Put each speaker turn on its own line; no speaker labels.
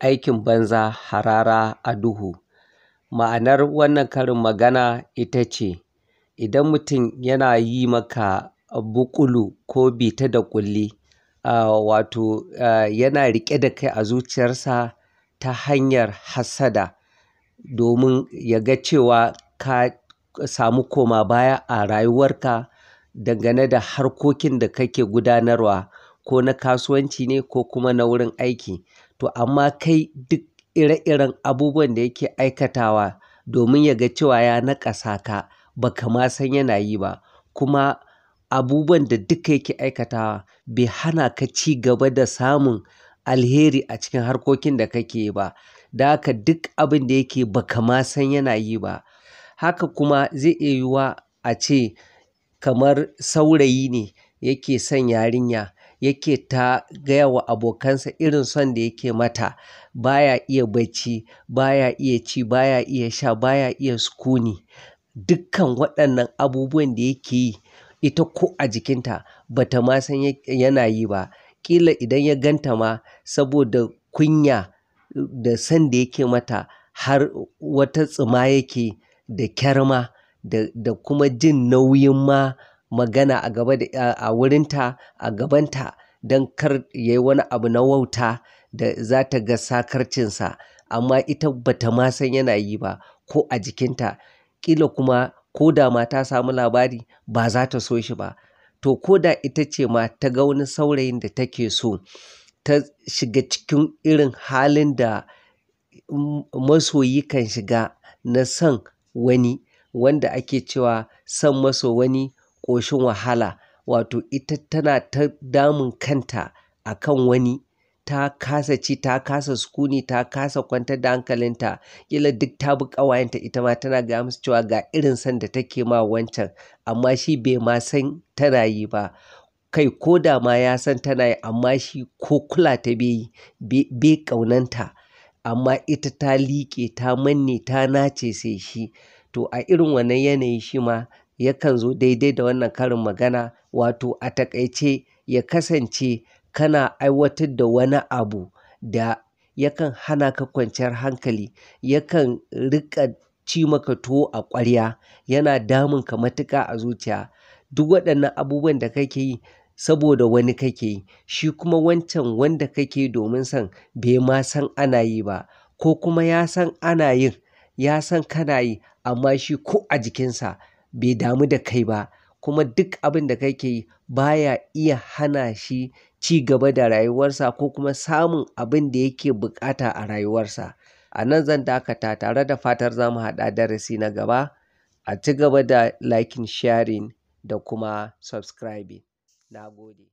aikin banza harara a duhu. Ma'anar wannan karin magana ita ce idan mutum yana yi maka buƙulu ko bita da ƙulli, wato yana riƙe da kai a zuciyarsa ta hanyar hassada domin ya ga cewa ka samu koma baya a rayuwarka dangane da harkokin da kake gudanarwa ko na kasuwanci ne ko kuma na wurin aiki. To amma kai duk ire-iren abubuwan da yake aikatawa domin ya ga cewa ya naƙasa ka ba ka san yana yi ba. Kuma abubuwan da duka yake aikatawa bai hana ka ci gaba da samun alheri a cikin harkokin da kake yi ba. Da haka duk abin da yake ba ka ma san yana yi ba. Haka kuma zai iya yiwuwa a ce kamar saurayi ne yake son yarinya yake ta gaya wa abokansa irin son da yake mata baya iya bacci baya iya ci baya iya sha baya iya sukuni dukkan waɗannan abubuwan da yake yi ita ko a jikinta bata ma san yana yi ba ƙila idan ya ganta ma saboda kunya eh, da san da yake mata har wata tsima yake da kyarma da, da kuma jin nauyin ma magana a gaba da a wurinta a gabanta don kar ya yi wani abu na wauta da za ta ga sakarcinsa amma ita ba ta ma san yana yi ba ko a jikinta ƙila kuma ko da ma ta samu labari ba za ta so shi ba to ko da ita ce ma ta ga wani saurayin da take so ta shiga cikin irin halin da masoyi kan shiga na san wani wanda ake cewa san maso wani ƙoshin wahala wato ita tana ta damun kanta a kan wani ta kasa ci ta kasa sukuni ta kasa kwantar da hankalinta kila duk ta bi ƙawayenta ita ma tana gaya musu cewa ga irin san da take ma wancan amma shi bai ma san tana yi ba kai ko da ma ya san tana yi amma shi ko kula ta bai yi bai ƙaunanta amma ita ta liƙe ta manne ta nace sai shi to a irin wannan yanayi shi ma yakan zo daidai da wannan karin magana wato a taƙaice ya kasance kana aiwatar da wani abu da yakan hana ka kwanciyar hankali yakan riƙa ci maka tuwo a ƙwarya yana damun ka matuƙa a zuciya duk waɗannan abubuwan da kake yi saboda wani kake yi shi kuma wancan wanda kake domin san bai ma san ana yi ba ko kuma ya san ana yin ya san kana yi amma shi ko a jikinsa bai damu da kai ba kuma duk abin da kake yi baya iya hana shi ci gaba da rayuwarsa ko kuma samun abin da yake buƙata a rayuwarsa. A nan zan dakata tare da fatar za mu haɗa darasi na gaba. A ci gaba da liking, sharing da kuma subscribing. Na gode.